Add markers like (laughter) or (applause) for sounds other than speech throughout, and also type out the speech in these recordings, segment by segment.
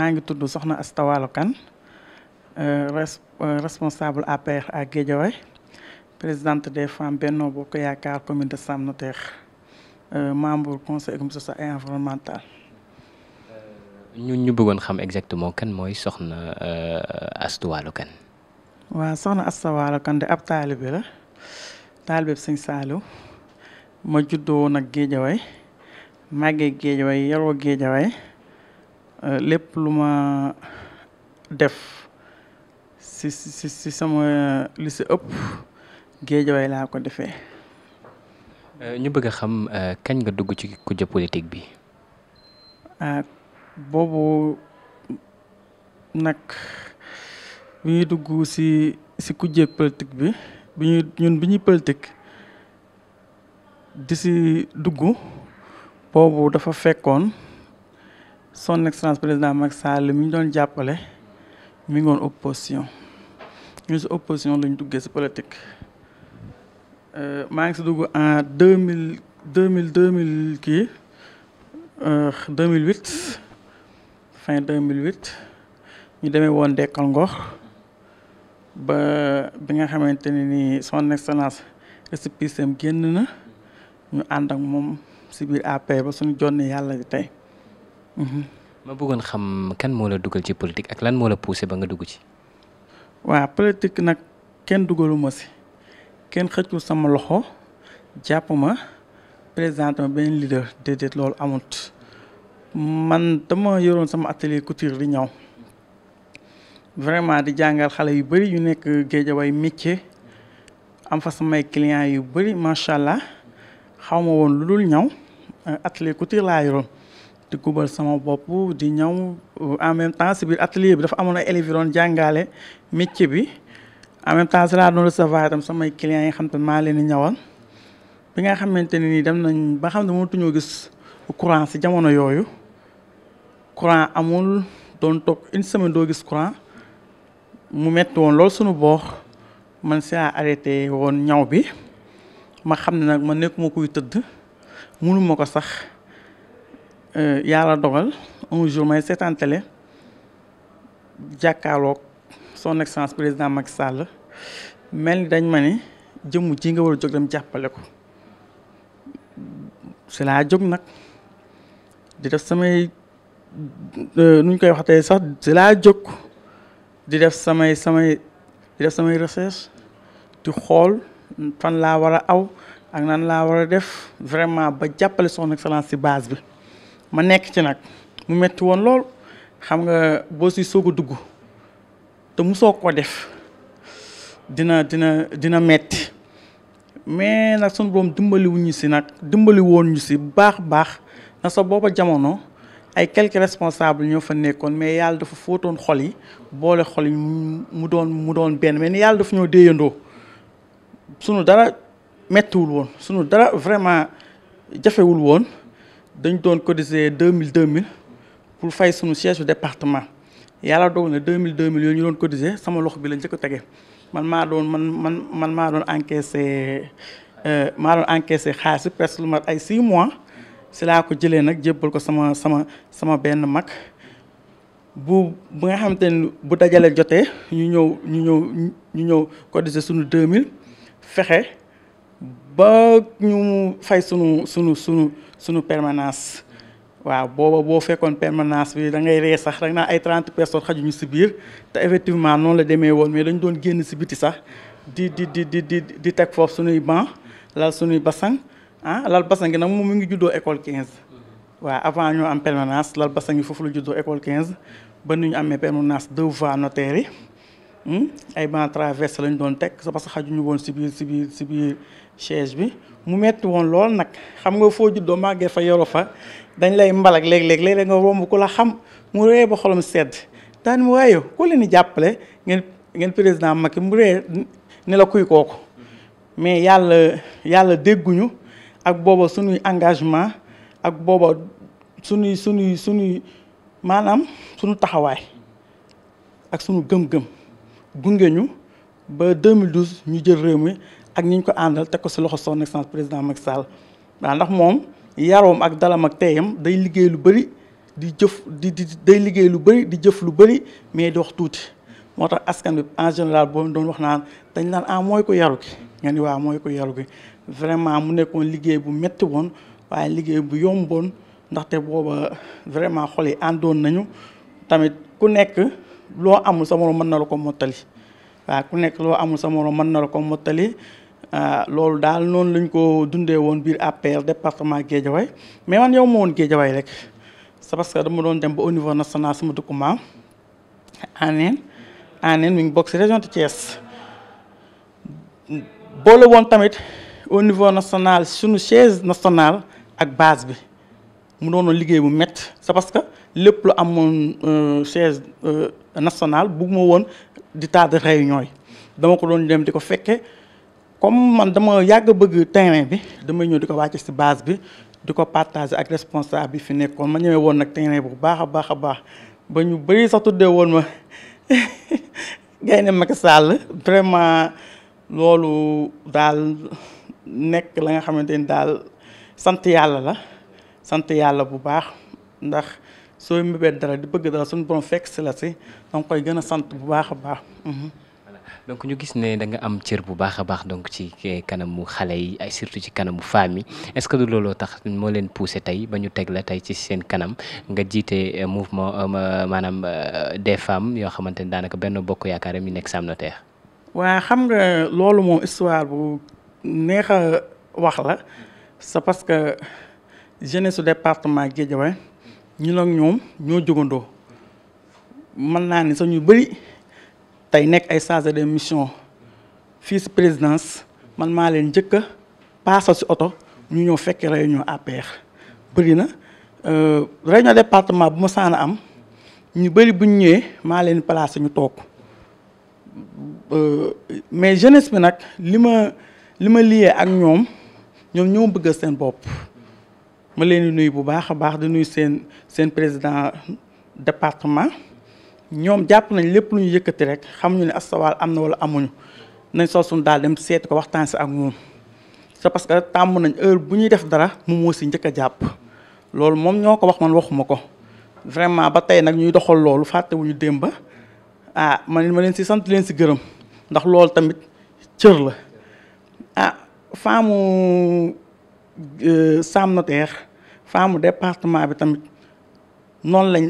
maa ngi tudd Soxna Asta kan Kane euh, euh, responsable APR à Guédiawaye présidente des femmes Benno Bokk Yaakaar commune de Sam Notaire euh, membre conseil économique social et environnemental. bëggoon xam exactement kan mooy Soxna Asta Walo Kane. waaw Soxna Asta Walo Kane de ab taalibe la taalibe Sëñ ma juddoo nag Guédiawaye màggee Guédiawaye yaroo Guédiawaye Euh, lépp lu ma def si si sama euh, lu si ëpp géejawaay laa ko defee. Euh, ñu bëgg a xam kañ nga dugg ci kujje politique bi. boobu nag bi ñuy dugg si si kujje politique bi bi ñuy ñun bi ñuy politique di si dugg boobu dafa fekkoon. son excellence président Macky Sall mi ñu doon jàppale mi ngi woon opposition ñu si opposition lañ duggee si politique euh, maa ngi si dugg en deux mille deux mille deux mille kii euh, deux mille huit fin deux mille huit ñu demee woon Dekkal Ngor ba bi nga xamante ne ni son excellence récépissé am génn na ñu ànd ak moom si biir APR e ba suñu jonne yàlla tey. Mhm. ma bëggoon xam kenn moo la dugal ci politique ak lan moo la poussé ba nga dugg ci. waaw politique nag kenn dugaluma si kenn xëccul sama loxo jàpp ma présenté ma benn leader déedéet loolu amut man dama yoroon sama atelier couture di ñaw vraiment di jàngal xale yu bëri yu nekk géejawaay métier am fa samay clients yu bëri macha allah xaw ma woon lu dul ñaw atelier couture laa yoroon. di gubal sama bopp di ñaw euh, en même temps si biir atelier bi dafa amoon ay élèves jàngaale métier bi en même temps si laa doon recevoir samay clients yi xam te maa leen di ñëwal bi nga xamante ne nii dem nañ ba xam ne mënatuñoo gis courant si jamono yooyu courant amul doon toog une semaine doo gis courant mu metti woon loolu suñu boor man si laa arrêté woon ñaw bi ma xam ne nag ma nekkuma kuy tëdd mënuma ko sax. Euh, yàlla dogal un jour may seetaan télé jàkkaarloog son excellence président mag Sall mel ni dañ ma ne jëmmu ji nga war a jóg dem jàppale ko si laa jóg nag di def samay euh, nuñ koy waxatee sax si laa jóg di def samay samay di def samay recherche di xool fan laa war a aw ak nan laa war a def vraiment ba jàppale son excellence si base bi ma nekk ci nag mu metti woon lool xam nga boo si soog a dugg te musoo ko def dina dina dina metti mais nag sunu borom dimbali wu si nag dimbali woon ñu si baax baax na sa booba jamono ay quelques responsables ñoo fa nekkoon mais yàlla dafa fóotoon xol yi boole xol yi mu doon mu doon benn mais ni yàlla dafa ñoo déyandoo sunu dara mettiwul woon sunu dara vraiment jafewul woon. dañ doon cotiser deux mille deux mille pour fay suñu siège département yàlla dogal na deux mille deux mille yooyu ñu doon cotiser sama bi la njëkk a tege man maa doon man man man maa doon encaissé euh, maa doon encaissé xaalis bi lu mat ay six mois si laa ko jëlee nag jébbal ko sama sama sama benn mag bu bu nga xamante ni bu dajale jotee ñu ñëw ñu ñëw ñu ñëw cotiser suñu deux mille fexe. ba ñu fay sunu sunu sunu sunu permanence waaw booba boo fekkoon permanence bi da ngay ree sax rek naa ay trente personnes xajuñu si biir te effectivement noonu la demee woon mais lañu doon génn si biti sax di di di di di di teg foofu sunuy banc lal sunuy basang ah lal basang gi nag moom mu ngi juddoo école 15. waaw avant ñoo am permanence lal basang yi foofu la juddoo école 15 ba nu ñu amee permanence deux voies notaires yi hmm, ay banc traverse lañ doon teg parce que xajuñu woon si biir si biir si biir. chaise bi mu metti woon lool nag xam nga foo juddoo màggee fa yoro fa dañ lay mbalak léeg-léeg léeg-léeg nga romb ku la xam mu ree ba xolam sedd daan mu waaye ku leen di jàppale ngeen ngeen président Macky mu ree ni la kuy kooku mais yàlla yàlla dégguñu ak booba suñuy engagement ak booba suñuy suñuy suñuy maanaam suñu taxawaay ak sunu gëm-gëm gunge ñu ba 2012 ñu jël réew mi ak ñi ko àndal teg ko si loxo son sant président Macky Sall waaw ndax moom yaroom ak dalam ak teeyam day liggéey lu bëri di jëf di di day liggéey lu bëri di jëf lu bëri mais di wax tuuti moo tax askan bi en général boo doon wax naan dañ naan ah mooy ko yaru gi nga ni waaw mooy ko yaru gi vraiment mu nekkoon liggéey bu metti woon waaye liggéey bu yomboon ndaxte booba vraiment xol yi àndoon nañu tamit ku nekk loo amul sa moroom mën na la ko mottali waaw ku nekk loo amul sa moroom mën na la ko mottali Euh, loolu daal noonu lañ ko dundee woon biir APR département Guédiawaye mais man yow ma woon Guédiawaye rek c'est parce que dama doon dem ba au niveau national sama dëkku maam Anen Anen mi ngi bokk si région de Thiès boole woon tamit au niveau national suñu chaise nationale ak base bi mu doonoon liggéey bu métti c'est parce que lépp lu am amoon euh, chaise euh, nationale bëgguma woon di taa de réunion yi dama ko doon dem di ko fekkee comme man dama yàgg bëgg terrain bi damay ñëw di ko wàcc si base bi di ko partager ak responsable bi fi nekkoon ma ñëwee woon nag terrain bu baax a baax a baax ba ñu bëri sax tuddee woon ma (laughs) Gaynde Macky Sall vraiment loolu daal nekk la nga xamante ni daal sant yàlla la sant yàlla bu baax ndax sooy mbébét dara di bëgg dara suñu borom fekk si la si danga koy gën a sant bu baax a baax mhm. donc ñu gis ne da nga am cër bu baax a baax donc ci kanamu xale yi ay surtout ci kanamu femme yi est-ce que du looloo tax moo leen poussé tey ba ñu teg la tey ci seen kanam nga jiite euh, mouvement euh, maanaam euh, des femmes yoo xamante ne daanaka benn bokk yaakaar mi nekk Samnotaire. waa xam nga loolu moom histoire bu neex a wax la c'est parce que jeunesse su département Guédiawaye ñu nag ñoom ñoo jógandoo mën naa ni sax ñu bëri. tey nekk ay chargé de mission fii présidence man maa leen njëkk a paasal si oto ñu ñëw fekk réunion APR bëri na euh, réunion département bu ma saan am ñu bëri buñ ñu ñëwee maa leen placé ñu toog euh, mais jeunesse bi nag li ma li ma liyee ak ñoom ñoom ñoo bëgg seen bopp ma leen di nuyu bu baax a baax di nuyu seen seen président département. ñoom jàpp nañ lépp lu ñu yëkkati rek xamuñu ne astawaal am na wala amuñu nañ sol suñu daal dem seeti ko waxtaan si ak moom c'est parce que tàmm nañ heure bu ñuy def dara mu moo si njëkk a jàpp loolu moom ñoo ko wax man waxuma ko vraiment ba tey nag ñuy doxal loolu fàttewuñu démba ah man ma leen si sant leen si gërëm ndax loolu tamit cër la ah faamu euh, Sam Notaire faamu département bi tamit noonu lañ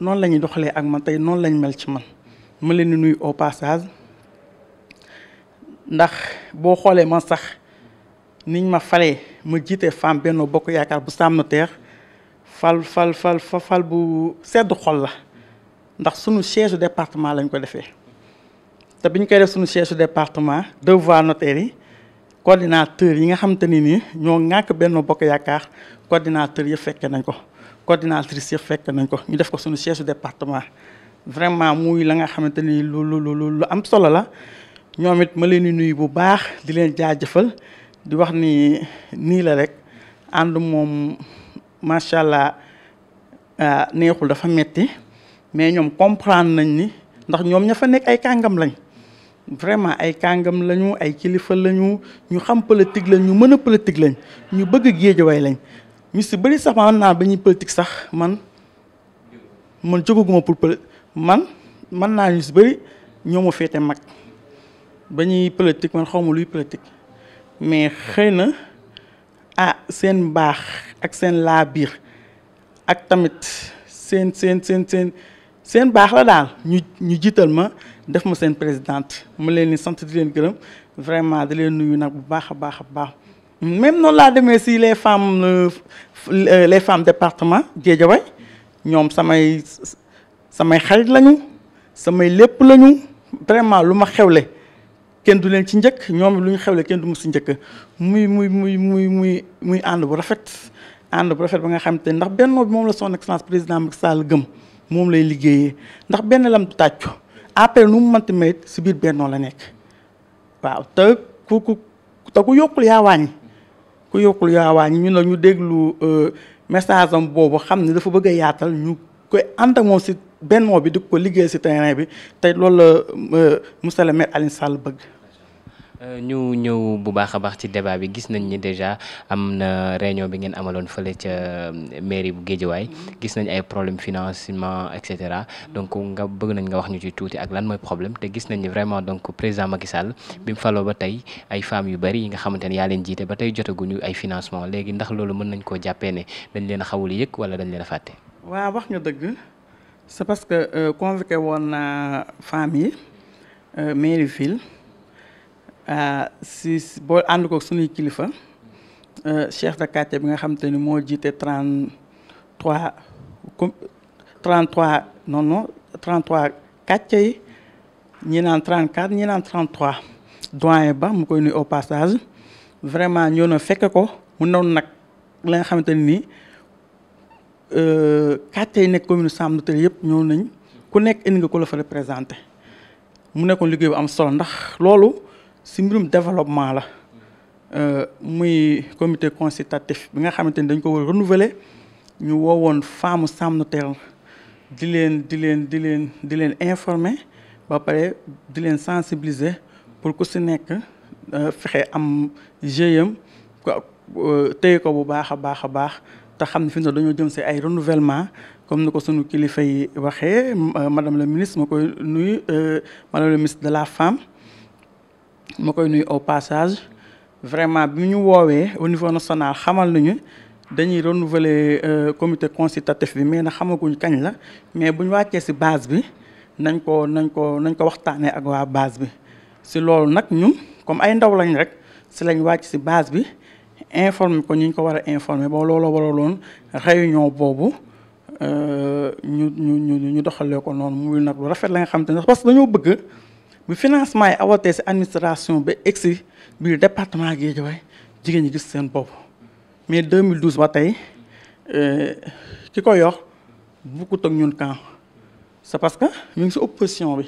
noonu la ñuy doxalee ak man tey noonu lañ mel ci man ma leen di nuyu au passage ndax boo xoolee ma sax niñ ma falee ma jiite femme Benno Bokk Yaakaar bu Sam Notaire fal fal fal fal bu sedd xol la ndax sunu siège département lañ ko defee te buñ koy def suñu siège département devoir notaire yi coordinateur yi nga xamante ni nii ñoo ŋàkk Benno Bokk Yaakaar coordinateur yëpp fekkee nañ ko coordinatrice yi fekk nañ ko ñu def ko suñu chef département vraiment muy la nga xamante ni lu lu lu lu am solo la ñoom it ma leen di nuyu bu baax di leen jaajëfal di wax ni nii la rek ànd moom macha allah ah, neexul dafa metti mais ñoom comprendre nañ ni ndax ñoom ña fa nekk ay kàngam lañ vraiment ay kàngam lañu ay kilifa lañu ñu xam politique lañ ñu mën a politique lañ ñu bëgg géejawaay lañ ñu si bëri sax man naa ba ñuy politique sax man man jógaguma pour pël man man naa ñu si bëri ñoo ma féete mag bañuy ñuy politique man xaw ma luy politique mais xëy na ah seen baax ak seen laa biir ak tamit seen seen seen seen seen baax la daal ñu ñu jiital ma def ma seen présidente ma leen di sant di leen gërëm vraiment di leen nuyu nag bu baax a baax a baax. même noonu laa demee si les femmes euh, les femmes département Guédiawaye ñoom samay samay xarit lañu samay lépp lañu vraiment lu ma xewle kenn du leen ci njëkk ñoom lu ñu xewle kenn du mu si njëkk muy muy muy muy muy muy ànd bu rafet ànd bu rafet ba nga xam te ndax bennoo bi moom la son excellence président Macky Sall gëm moom lay liggéeyee ndax benn lam du tàccu après nu mu mënti may si biir bennoo la nekk waaw te ku ku te ku yokkul yaa wàññi ku yokkul yaawaa ñi ñu ne ñu déglu euh, message am boobu xam ne dafa bëgg a yaatal ñu koy ànd ak moom si bennoo bi di ko liggéey si terrain bi tey loolu la euh, monsieur le maire Alioune Sall bëgg Euh, ñu ñëw bu baax a baax ci débat bi gis nañ ni déjà am na réunion bi ngeen amaloon fa ca euh, mairie bu Guédiawaye mm-hmm. gis nañ ay problème financement et cetera mm-hmm. donc nga bëgg nañ nga wax ñu ci tuuti ak lan mooy problème te gis nañ ni vraiment donc président ma Sall bi mu faloo ba tey ay femmes yu bari yi nga xamante ne yaa leen jiite ba tey jotaguñu ay financement léegi ndax loolu mën nañ koo jàppee ne dañ leen a xawul yëg wala dañ leen a fàtte. waaw wax nga dëgg c'est parce que euh, convoqué woon na femmes yi Euh, si boo ànd ko suñuy kilifa euh, chef de quartier bi nga xam te ni moo jiite 33 com 33 non non 33 quartier yi ñi naan trent ñi naan 33 doyen ba mu koy nuy au passage vraiment ñoo na fekk ko mu noonu nag la nga xamante ni nii euh, quartier yi nekk commune Sam Notaire yëpp ñëw nañ ku nekk indi nga ko la fa représenté mu nekkoon liggéey bu am solo ndax loolu si mbirum développement la euh, muy comité consultatif bi nga xamante ni dañ ko war a renouveler ñu woowoon femme Sàmm Notaire di leen di leen di leen di leen informer ba pare di leen sensibiliser pour ku si nekk euh, fexe am GIEM euh, téye ko bu baax a baax a baax te xam ne fi mu ne dañoo jëm si ay renouvellement comme ni ko suñu kilifa yi waxee madame la ministre ma koy nuyu madame la ministre de la femme. ma koy nuy au passage vraiment bi ñu woowee au niveau national xamal nañu dañuy renouveler euh, comité consultatif bi mais na xamaguñ kañ la mais buñ ñu wàccee si base bi nañ ko nañ ko nañ ko waxtaanee ak waa base bi si loolu nag ñun comme ay ndaw lañ rek si lañ wàcc si base bi informer ko ñu ñu ko war a informer ba looloo waraloon réunion boobu euh, ñu ñu ñu ñu doxalee ko noonu muy nag lu rafet la nga xam te ne parce que dañoo bëgg. bu financement yi awatee si administration ba egsi biir département Guédiawaye jigéen ñi gis seen bopp mais 2012 ba tey euh, ki ko yor bokkut ak ñun camp c'est parce que ñu ngi si opposition bi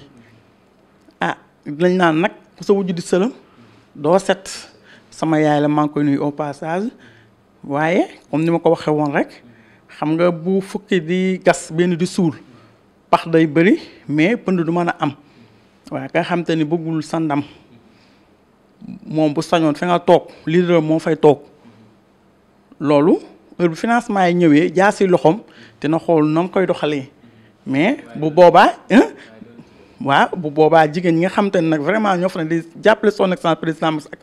ah lañ naan nag ku sa wujju di sëlam doo set sama yaay la maa ngi koy nuyu au passage waaye comme ni ma ko waxee woon rek xam nga bu fukki di gas benn di suul pax day bëri mais pënd du mën a am waaw nga xam ni bëggul sa ndam moom bu sañoon fi nga toog leader moo fay toog loolu heure bu financement yi ñëwee jaar si loxoom dina xool na mu koy doxali mais bu boobaa waaw bu boobaa jigéen ñi nga xam te nag vraiment ñoo fa ne di jàppale son excellence président Macky ak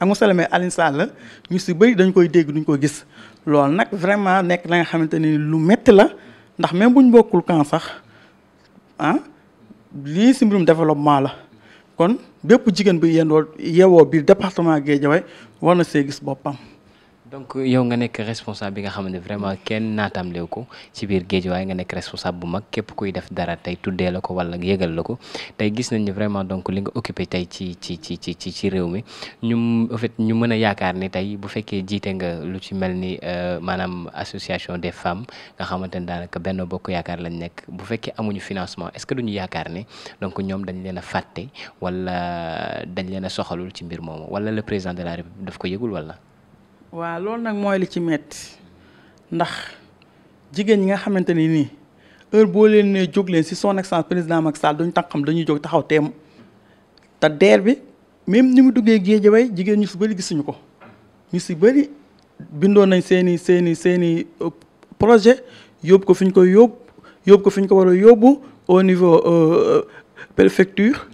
ak monsieur le maire Alioune Sall ñu si bëri dañ koy dégg duñ ko gis loolu nag vraiment nekk na nga xamante ni lu metti la ndax même buñ bokkul kan sax ah lii si mbirum développement la kon bépp jigéen bi yendoo yewoo biir département Guédiawaye war na see gis boppam donc yow nga nekk responsable bi nga xam ne vraiment kenn naataamleew ko ci biir géej waaye nga nekk responsable bu mag képp kuy def dara tey tuddee la ko wala yëgal la ko tey gis nañ ne vraiment donc li nga occupé tey ci ci ci ci ci ci réew mi ñu en ñu mën a yaakaar ni tey bu fekkee jiitee nga lu ci mel ni euh, maanaam association des femmes nga xamante ne daanaka benn bokk yaakaar lañu nekk bu fekkee amuñu financement est-ce que duñu yaakaar ni donc ñoom dañ leen a fàtte wala dañ leen a soxalul ci mbir moomu wala le président de la République ko yëgul wala. waaw loolu nag mooy li ci metti ndax jigéen ñi nga xamante ni nii heure boo leen nee jóg leen si son ak excellence président Macky Sall duñu tànqam dañuy jóg taxaw teem te deer bi même ni mu duggee Guédiawaye jigéen ñu si bëri gisuñu ko ñu si bëri bindoon nañ seen i seen i seen i euh, projet yóbbu ko fi koy yóbbu yóbbu ko fi ko war a yóbbu au niveau euh, euh, préfecture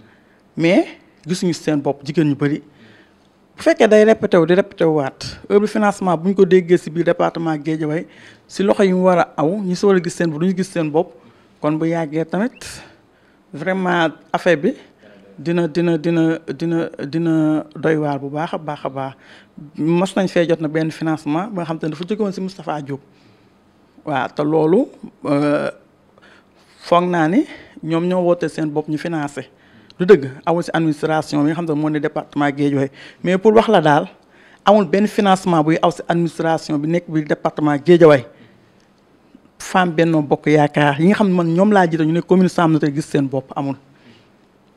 mais gisuñu seen bopp jigéen ñu bëri. bu fekkee day répété wu di répété wu waat heure financement bu ñu ko déggee si biir département Guédiawaye si loxo yi mu war a aw ñu si war a gis seen bu du ñu gis seen bopp kon bu yàggee tamit vraiment affaire bi dina dina dina dina dina doy waar bu baax a baax a baax mos nañ fee jot na benn financement ba nga xam te ne dafa jóge woon si Moustapha Diop waaw te loolu euh, foog naa ni ñoom ñoo woote seen bopp ñu financé du dëgg awul si administration bi nga xam ne moo ne département Guédiawaye mais pour wax la daal amul benn financement buy aw si administration bi nekk bi département Guédiawaye femme benn mbokk Yaakaar yi nga xam ne man ñoom laa a ñu ne commune Sam te gis seen bopp amul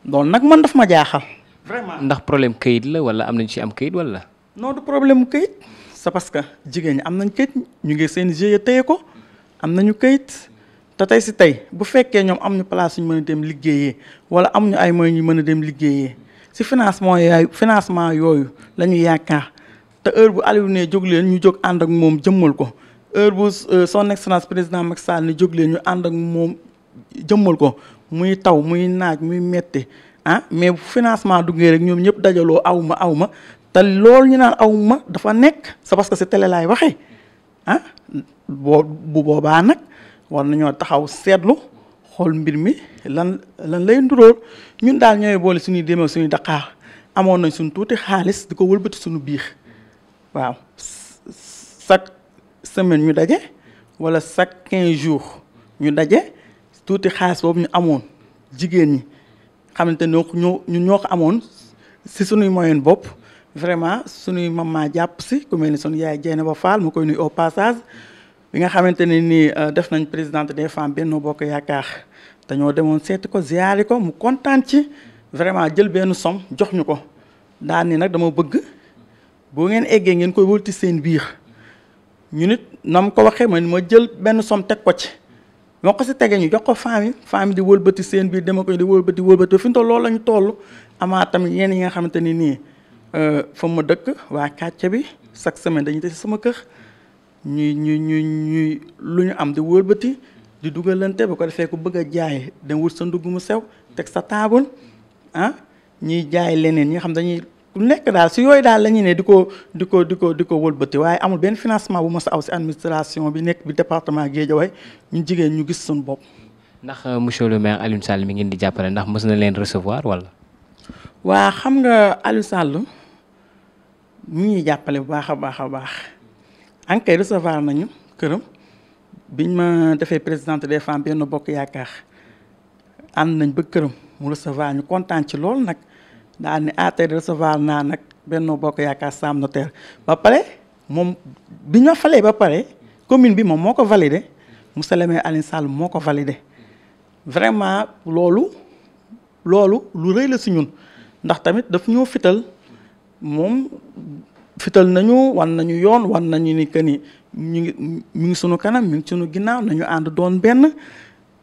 loolu nag man daf ma jaaxal. vraiment ndax problème kayit la wala am nañ ci am kayit wala. non du problème mu kayit c'est parce que jigéen ñi am nañ kayit ñu ngi seen GIE téye ko am nañu kayit. te tey si tey bu fekkee ñoom am ñu place suñu mën a dem liggéeyee wala am ñu ay moyens ñu mën a dem liggéeyee si financement yooyu financement yooyu la ñu yaakaar te heure bu Aliou ne leen ñu jóg ànd ak moom jëmmal ko heure bu euh, son excellence président Macky Sall ne jóg leen ñu ànd ak moom jëmmal ko muy taw muy naaj muy metti ah mais bu financement duggee rek ñoom ñëpp dajaloo awma awma te loolu ñu naan awma dafa nekk c'est parce que si télé laay waxee ah boo bu boobaa nag. war ñoo taxaw seetlu xool mbir mi lan lan lay nduróor ñun daal ñooy boole suñuy demee suñuy daqaar amoon nañ suñu tuuti xaalis di ko wëlbati suñu biir waaw chaque semaine ñu daje wala chaque quinze jours ñu daje tuuti xaalis boobu ñu amoon jigéen ñi xamante ñoo ko ñoo ñoo ko amoon si suñuy moyen bopp vraiment suñuy maman jàpp si ku mel ni suñu yaay Jeene ba Faal mu koy nuy au passage bi nga xamante ne nii euh, def nañ présidente des femmes Benno Bokk Yaakaar dañoo demoon seeti ko ziyaari ko mu kontaan ci vraiment jël benn som jox ñu ko daan ni nag dama bëgg boo ngeen eggee ngeen koy wëlti seen biir ñu nit nam ko waxee ma man ma jël benn som teg ko ci moo ko si tegee ñu jox ko femme yi femme yi di wëlbati seen biir dama koy di wëlbati wëlbati fi mu toll loolu la ñu toll amaa tamit yenn yi nga xamante ni nii euh, fa ma dëkk waa kàcce bi chaque semaine dañuy des sama kër ñuy ñuy ñuy lu ñu am di wëlbati di dugalante ba ko defee ko bëgg a jaay dem wut sa ndugg mu sew teg sa taabal ah ñuy jaay leneen ñi nga xam dañuy ku nekk daal si yooyu daal la ne di ko di ko di ko di ko wëlbati waaye amul benn financement bu ma sa aw si administration bi nekk bi département Guédiawaye ñu jigéen ñu gis suñu bopp. ndax euh, monsieur le maire Aliou mi ngeen di jàppale ndax mës na leen recevoir wala. waa xam nga Aliou Sall jàppale bu baax a baax a baax. ankay recevoir nañu këram biñ ma defee présidente des femmes benn bokk yaakaar ànd nañ ba këram mu recevoir ñu kontaan ci lool nag daal ni ah tey recevoir naa nag benn bokk yaakaar Sam Notaire ba pare moom bi ñu falee ba pare commune bi moom moo ko validé monsieur le maire Alioune Sall moo ko validé vraiment loolu loolu lu rëy la si ñun ndax tamit daf ñoo fital moom fital nañu wan nañu yoon wan nañu ni que ni ñu ngi mi ngi sunu kanam mi ngi sunu ginnaaw nañu ànd doon benn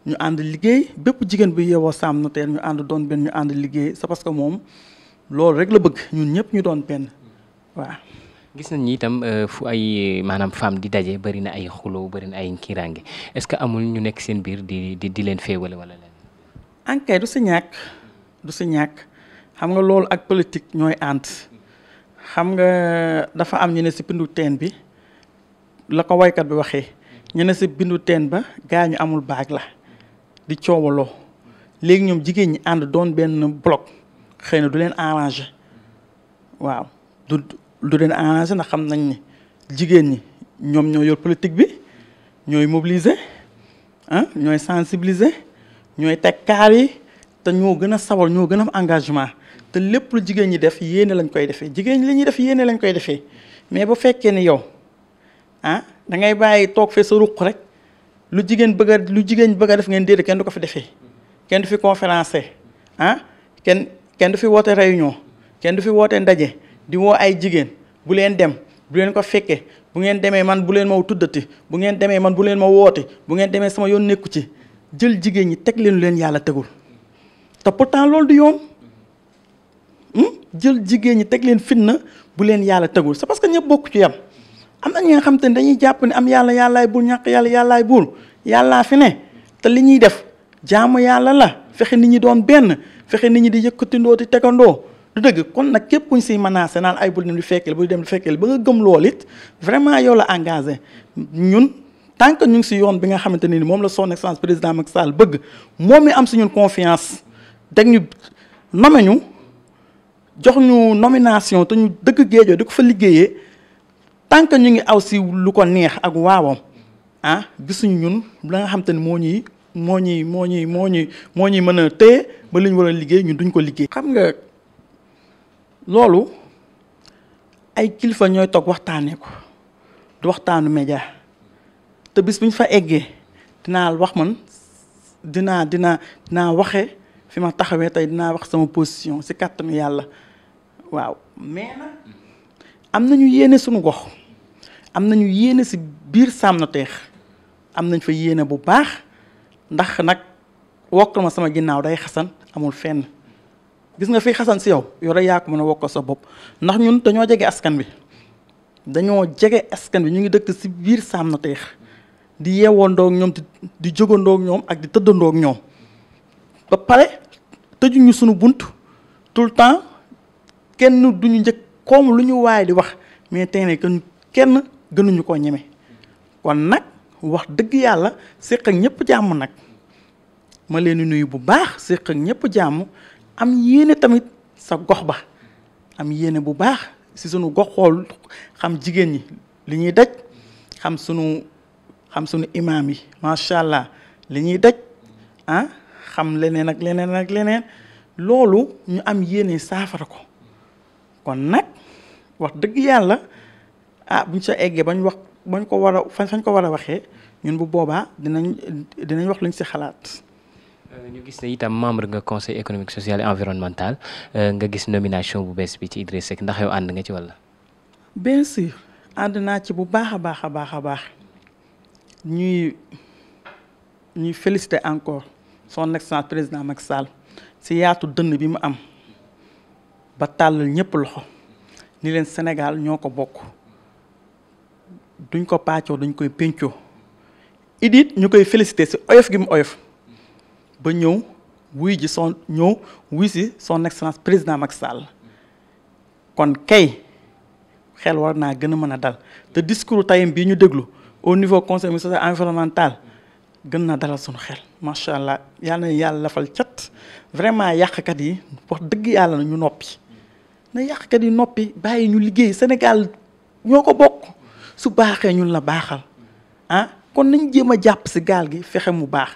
ñu ànd liggéey bépp jigéen bi yeewoo Sam Notaire ñu ànd doon benn ñu ànd liggéey c'est parce que moom loolu rek la bëgg ñun ñëpp ñu doon benn waaw. gis nañ ni itam euh, fu ay maanaam femme di daje bari na ay xuloo bari na ay kiiraange est-ce que amul ñu nekk seen biir di di di leen féewale wala leen. ankay du si ñàkk du si ñàkk xam nga loolu ak politique ñooy ànd. xam nga dafa am ñu ne si bindu teen bi la ko woykat bi waxee ñu ne si bindu teen ba gaañu amul baag la di coowaloo léegi ñoom jigéen ñi ànd doon benn bloc xëy na du leen arrangé waaw du du leen arrangé na xam nañ ni jigéen ñi ñoom ñoo yor politique bi ñooy mobiliser ah ñooy sensibiliser ñooy teg kaar yi te ñoo gën a sawar ñoo gën a am engagement te lépp lu jigéen ñi def yéene lañ koy defee jigéen ñi ñuy def yéene lañ koy defee mais bu fekkee ni yow ah da ngay bàyyi toog fee sa ruq rek lu jigéen bëgg lu jigéen bëgg def ngeen déedéet kenn du ko fi defee kenn du fi conférencier ah kenn kenn du fi woote réunion kenn du fi woote ndaje di woo ay jigéen bu leen dem bu leen ko fekkee bu ngeen demee man bu leen ma tuddati bu ngeen demee man bu leen ma woote bu ngeen demee sama yoon nekku ci jël jigéen ñi teg leen leen yàlla tegul Hmm? jël jigéen ñi teg leen fitna bu leen yàlla tegul c'est parce que ñëpp bokk ci yam am na ñi nga xam ne dañuy jàpp ni am yàlla yàllaay buur ñàkk yàlla yàllaay buur yàllaa fi ne te li ñuy def jaamu yàlla la fexe nit ñi doon benn fexe nit ñi di yëkkatindoo di tegandoo du dëgg kon nag képp ku kuñ siy menacé naan ay bul dem di ba bul dem di li ba nga gëm lool it vraiment yow la engagé ñun tant que ñu ngi si yoon bi nga xamante ne moom la son excellence président Macky Sall bëgg moom mi am si ñun confiance ñu nome ñu jox ñu nomination te ñu dëkk géejoo di ko fa liggéeyee tant que ñu ngi aw si lu ko neex ak waawam ah gisuñ ñun la nga xam te ne moo ñuy moo ñuy moo ñuy moo ñuy moo ñuy mën a téye ba li ñu war a liggéey ñun duñ ko liggéey. xam nga loolu ay kilifa ñooy toog waxtaanee ko du waxtaanu média te bis bu ñu fa eggee dinaa wax man dinaa dinaa dinaa waxe fi ma taxawee tey dinaa wax sama position si kàttanu yàlla. waaw mais nag am nañu yéene suñu gox am nañu yéene si biir Sam Notaire am nañ fa yéene bu baax ndax nag wokkal ma sama ginnaaw day xasan amul fenn gis nga fii xasan si yow yore rek yaa ko mën a wokkal sa bopp ndax ñun dañoo jege askan bi dañoo jege askan bi ñu ngi dëkk si biir Sam Notaire di yeewandoo ak ñoom di jógandoo ak ñoom ak di tëddandoo ak ñoom ba pare tëjuñu sunu bunt tout le temps kenn duñu njëkk comme lu ñu waaye di wax mais teene ne kenn gënuñu koo ñeme kon nag wax dëgg yàlla séq ak ñëpp jàmm nag ma leen di nuyu bu baax séq ak ñëpp jàmm am yéene tamit sa gox ba am yéene bu baax si sunu gox xool xam jigéen ñi li ñuy daj xam sunu xam sunu imaam yi macha allah li ñuy daj ah xam leneen ak leneen ak leneen loolu ñu am yéene saafara ko. kon nag wax dëgg yàlla ah buñ sa eggee bañ wax bañ ko war a fañ ko war a waxee ñun bu boobaa dinañ dinañ wax luñ si xalaat. Euh, ñu gis ne itam membre nga conseil économique social et environnemental euh, nga gis nomination bu bees bii ci Idriss Seck ndax yow ànd nga ci walla. bien sûr naa ci bu baax a baax a baax a baax ñuy ñuy féliciter encore son excellence président Macky Sall si yaatu dënn bi mu am. ba tàll ñëpp loxo ni leen Sénégal ñoo ko bokk duñ ko paccoo duñ koy péncoo idit ñu koy félicité si oyof gi mu oyof ba ñëw wuy ji son ñëw wuy si son excellence président Macky Sall kon kay xel war naa gën a mën a dal te discours tayim bii ñu déglu au niveau conseil social environnemental gën na dalal suñu xel macha allah yal na yàlla lafal cat vraiment yàqkat yi wax dëgg yàlla na ñu noppi. na yi noppi bàyyi ñu liggéey Sénégal ñoo ko bokk su baaxee ñun la baaxal ah kon nañ jéem a jàpp si gaal gi fexe mu baax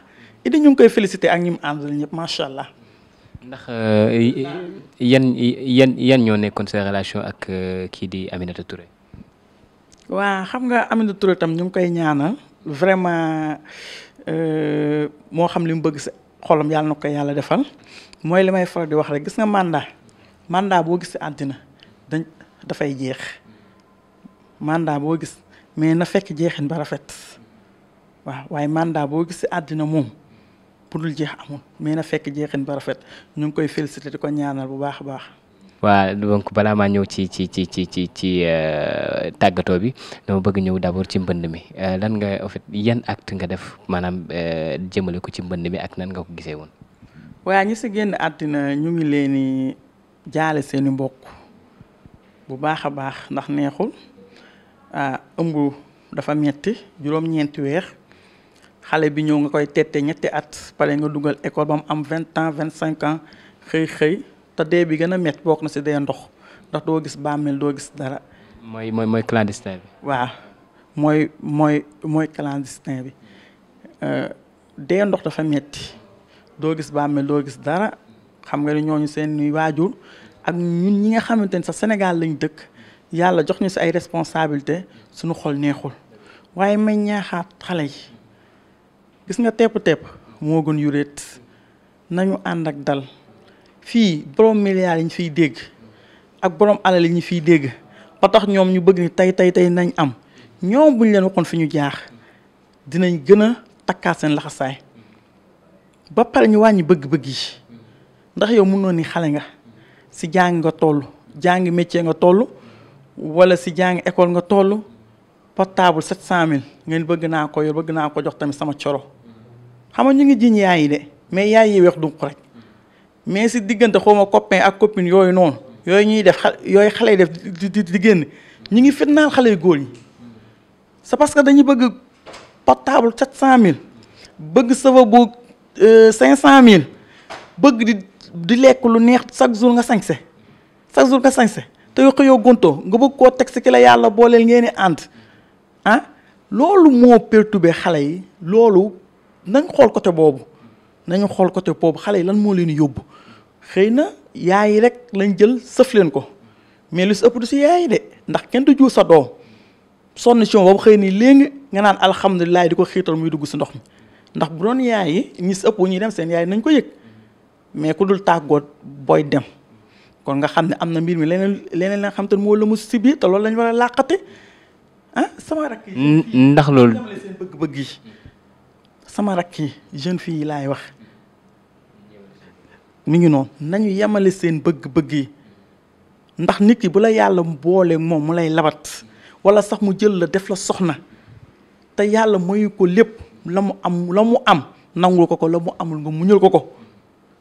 it ñu koy félicité ak ñi mu ñëpp macha allah. ndax euh, yan yan yan ñoo nekkoon sa relation ak euh, kii di Aminata Touré. waa xam nga Aminata Touré tam ñu ngi koy ñaanal vraiment euh, moo xam li mu bëgg si xolam yàlla na ko yàlla defal mooy li may faral di wax rek gis nga mandat. mandat boo gis si àddina dañ dafay jeex mandat boo gis mais na fekk jeexin ba rafet waaw waaye mandat boo gis si àddina moom pour dul jeex amul mais na fekk jeexin ba rafet ñu ngi koy félicité di ko ñaanal bu baax a baax. waa donc balaa maa ñëw ci ci ci ci ci ci euh, tàggatoo bi dama bëgg ñëw d'abord ci mbënd mi euh, lan nga en fait yan nga def maanaam euh, jëmale ko ci mbënd mi ak nan nga ko gisee woon. waa ñi si génn àddina jaale seeni mbokk bu baax a baax ndax neexul ah ëmb dafa metti juróom-ñeenti weer xale bi ñëw nga koy tette ñetti at pare nga dugal école ba mu am vingt ans vingt cinq an xëy xëy te dee bi gën a métti bokk na si dee ndox ndax doo gis bàmmeel doo gis dara. mooy mooy mooy bi. waaw mooy mooy mooy clandestin bi euh, dee ndox dafa metti doo gis bàmmeel doo gis dara. xam nga ni ñooñu seen waajur ak ñun ñi nga xamante ne sa Sénégal lañu dëkk yàlla jox ñu sa ay responsabilité suñu xol neexul waaye may ñaaxaat xale yi gis nga tepp-tepp moo gën yuréet nañu ànd ak dal fii borom milliards yi ñu fiy dégg ak boroom alal yi ñu fiy dégg ba tax ñoom ñu bëgg ni tey tey tey nañ am ñoom buñ leen waxoon fi ñu jaax dinañ gën a takkaat seen laxasaay ba pare ñu wàññi bëgg-bëgg yi ndax yow mun mënoon ni xale nga si jàng nga toll jàng métier nga toll wala si jàng école nga toll portable 700000 ngeen bëgg naa ko yor bëgg naa ko jox tamit sama coro xam nga ñu ngi jiñ yaay yi de mais yaay yi weex du rek mais si diggante xaw ma copain ak copine yooyu noonu yooyu ñuy def yooyu xale yi def di di génn ñu ngi fitnaal xale yu góor yi c'est parce que dañuy bëgg portable 700000 bëgg sava bu 500000 euh, bëgg di. di lekk lu neex chaque jour nga sañse chaque jour nga sañse te xëyoo gontoo nga bëgg koo teg si ki la yàlla booleel ngeen di ànd ah loolu moo perturbé xale yi loolu nañ xool côté boobu nañu xool côté boobu xale yi lan moo leen yóbbu xëy na yaay rek lañ jël sëf ko mais lu si ëpp du si yaay de ndax kenn du jur sa doom sonn si boobu xëy ni léegi nga naan alhamdulilah di ko xiital muy dugg si ndox mi ndax bu doon yaay yi ñi si ëpp ñuy dem seen yaay nañ ko yëg. mais ku dul tàggoo booy dem kon nga xam ne am na mbir mi leneen leneen la nga xam te moo la mu si biir te loolu lañ war a làqate ah sama rakk yi. ndax loolu seen yi sama rakk yi jeune fille laay wax mu ngi noonu nañu yemale seen bëgg-bëgg yi ndax nit ki bu la yàlla boole moom mu lay labat wala sax mu jël la def la soxna te yàlla mayu ko lépp la mu am la mu am nangul ko ko la mu amul nga muñal ko ko.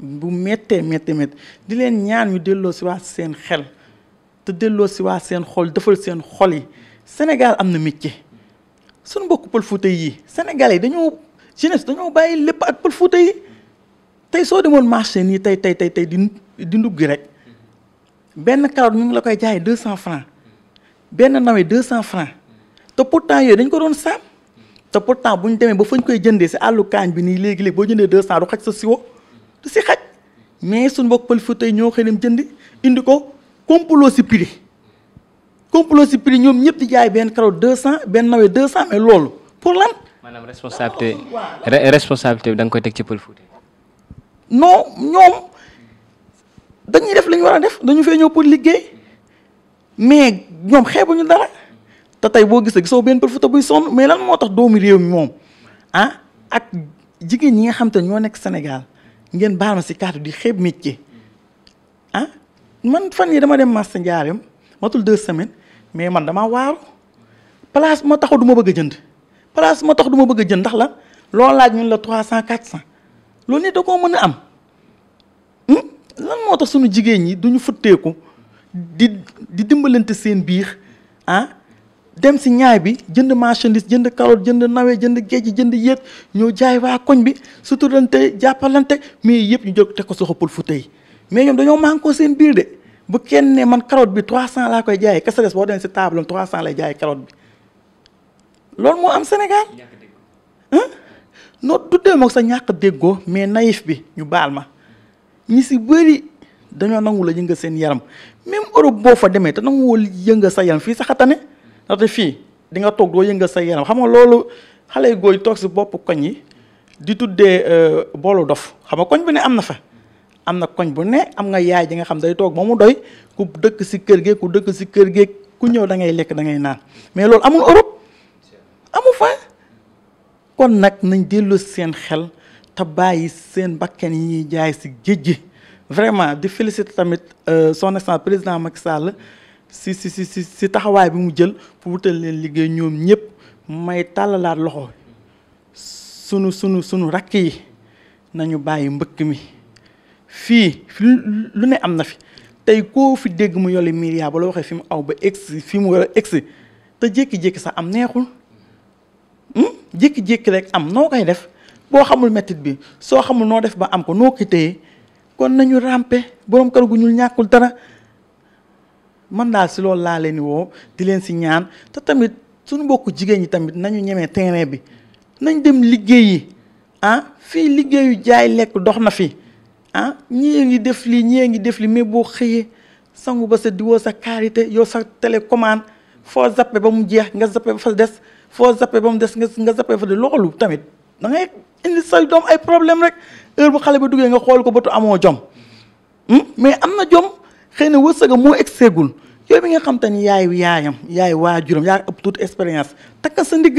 bu méttee méttee méttee di leen ñaan ñu delloo siwaa seen xel te delloo si waa seen xol defal seen xol yi Sénégal am na métier suñu mbokku pël Fuuta yi Sénégal yi dañoo jeunesse dañoo bàyyi lépp ak pël Fuuta yi tey soo demoon marché nii tey tey tey tey di di ndugg rek benn carotte ñu ngi la koy jaayee deux cent franc benn nawe deux cent franc te pourtant yooyu dañ ko doon saam te pourtant bu ñu demee ba fañ koy jëndee si àllu kaañ bi nii léegi-léegi boo jëndee deux cent du sa siwo du si xaj mais suñu mbokk pël fauteuil ñoo xëy jënd indi ko complot si prix complot si piri ñoom ñëpp di jaay benn carotte deux cent benn nawe deux cent mais loolu pour lan. maanaam responsabilité responsabilité bi da nga koy teg ci pël fauteuil. ñoom dañuy def li ñu war a def dañu fee ñëw pour liggéey mais ñoom xeebuñu dara te tey boo gisee gisoo benn pël fauteuil buy sonn mais lan moo tax doomu réew mi moom ah ak jigéen ñi nga xam te ñoo nekk senegal ngeen baal ma si kàddu di xeeb métier ah man fan yi dama dem marché Njaareem matul deux semaine mais man dama waaru place ma taxaw du ma bëgg a jënd place ma tax du ma bëgg a jënd ndax la loo laaj ñun la trois cent quatre cent loolu nit da koo mën a am hmm? lan moo tax suñu jigéen ñi duñu futteeku di di seen biir ah dem si ñaay bi jënd marchandise jënd carotte jënd nawe jënd géej jënd yéet ñoo jaay waa koñ bi su suturante jàppalante mais yëpp ñu jóg ko soxo Pël Fuuta yi mais ñoom dañoo mànkoo seen biir de bu kenn ne man karoot bi 300 laa koy jaaye kese des boo demee si table am 300 lay jaayee carotte bi loolu moo am Sénégal noo duddee mook sa ñàkk déggoo mais nayif bi ñu baal ma ñi si bëri dañoo nangu la yëngal seen yaram même Europe boo fa demee te nangu woo yëngal sa yaram fii sax a ndaxte fii di nga toog doo yëngal sa yaram xam nga loolu xale yu góor toog si bopp koñ yi di tuddee euh, boolu dof xam nga koñ bu ne am na fa. am na koñ bu ne am nga yaay ji nga xam day toog ba mu doy ku dëkk si kër gi ku dëkk si kër gi ku ñëw da ngay lekk dangay naan mais loolu amul Europe amul fa kon nag nañ dellu seen xel te bàyyi seen mbakken yi ñuy jaay si géej gi vraiment di féliciter tamit euh, son sant président mac Sall si si si si taxawaay bi mu jël pour wutal leen liggéey ñoom ñépp may tàllalaat loxo sunu sunu sunu rakk yi nañu bàyyi mbëkk mi fii lu ne am na fi tey koo fi dégg mu yole milliard ba la waxee fi mu aw ba egsi fi mu war a egsi te jékki-jékki sax am neexul hmm? jékki-jékki rek am noo koy def boo xamul métit bi soo xamul noo def ba am ko noo ko téye kon nañu ràmpe borom kër gu ñuul ñàkkul dara man daal si loolu laa leen woo di leen si ñaan te tamit suñu mbokku jigéen ñi tamit nañu ñemee terrain bi nañ dem liggéeyi ah fii liggéeyu jaay lekk dox na fi ah ñi ngi def lii ñii ngi def lii mais boo xëyee sangu ba sa diwoo sa karité yow sa télécommande foo zappe ba mu jeex nga zappe ba fa des foo zappe ba mu des nga zappe ba fa des loolu tamit da ngay indi say doom ay problème rek heure bu xale ba duggee nga xool ko bëtu amoo jom hmm, mais am na jom. xëy na wërsëga moo egseegul yow bi nga xam te ni yaayu yaayam yaay waajuram yaa ëpp tuuti expérience takka sa ndigg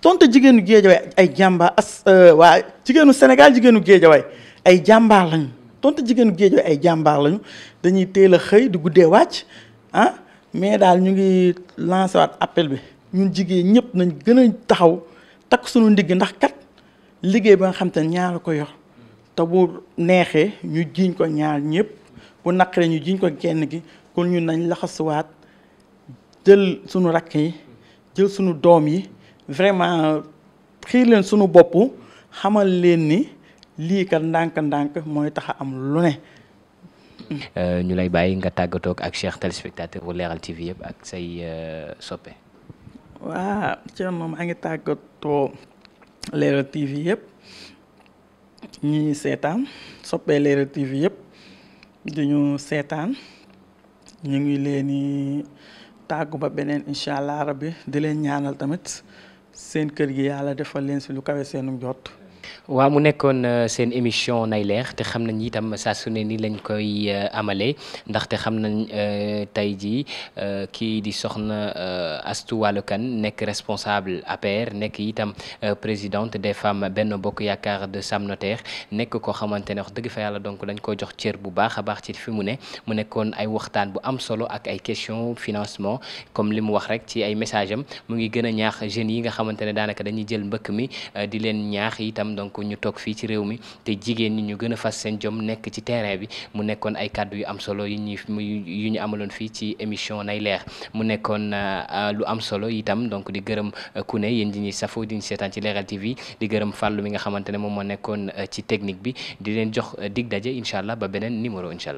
tonte jigéenu géejawaay ay jàmbaar as euh, waa jigéenu Sénégal jigéenu géejawaay ay jàmbaar lañu tonte jigéenu géejawaay ay jàmbaar lañu dañuy teel a xëy di guddee wàcc ah mais daal ñu ngi lancé waat appel bi ñun jigéen ñëpp nañ gën a taxaw takk suñu ndigg ndax kat liggéey ba nga xam te ñaar ko yor te bu neexee ñu jiiñ ko ñaar ñëpp. bu naqaree ñu jiñ ko kenn gi kon ñun nañ laxasuwaat jël suñu rakk yi jël suñu doom yi vraiment xiir leen sunu bopp xamal leen ni lii kat ndànk-ndànk mooy tax a am lu ne. Euh, ñu lay bàyyi nga tàggatoo ak Cheikh téléspectateur bu Leral TV yëpp ak say euh, soppe. waa Thierno a ngi tàggatoo Leral TV yëpp ñi seetaan soppee Leral TV yëpp. duñu seetaan ñu ngi leen di tàggu ba beneen incha allah rabbi di leen ñaanal tamit seen kër gi yàlla defal leen si lu kawe seenu jot waaw mu nekkoon euh, seen émission nay leex te xam nañ itam saa su ne ni lañ koy euh, amalee ndaxte xam nañ euh, tey jii kii di soxna Astou Walo Kane nekk responsable APR nekk itam présidente des femmes benn Bokk Yaakaar de Sam Notaire nekk koo xamante ne wax dëgg fa yàlla donc dañ ko jox cër bu baax a baax ci fi mu ne mu nekkoon ay waxtaan bu am solo ak ay question financement comme li mu wax rek ci ay message am mu ngi gën a ñaax jeunes yi nga xamante ne daanaka dañuy jël mbëkk mi donc ñu toog fii ci réew mi te jigéen ñi ñu gën a fas seen jom nekk ci terrain bi mu nekkoon ay kàddu yu am solo yu ñuy yu ñu amaloon fii ci émission nay leer mu nekkoon euh, lu am solo yitam donc di gërëm euh, ku ne yéen di ñuy safoo di seetaan ci Leral TV di gërëm fàllu mi nga xamante ne moom moo nekkoon euh, ci technique bi di leen jox dig daje incha allah ba beneen numéro incha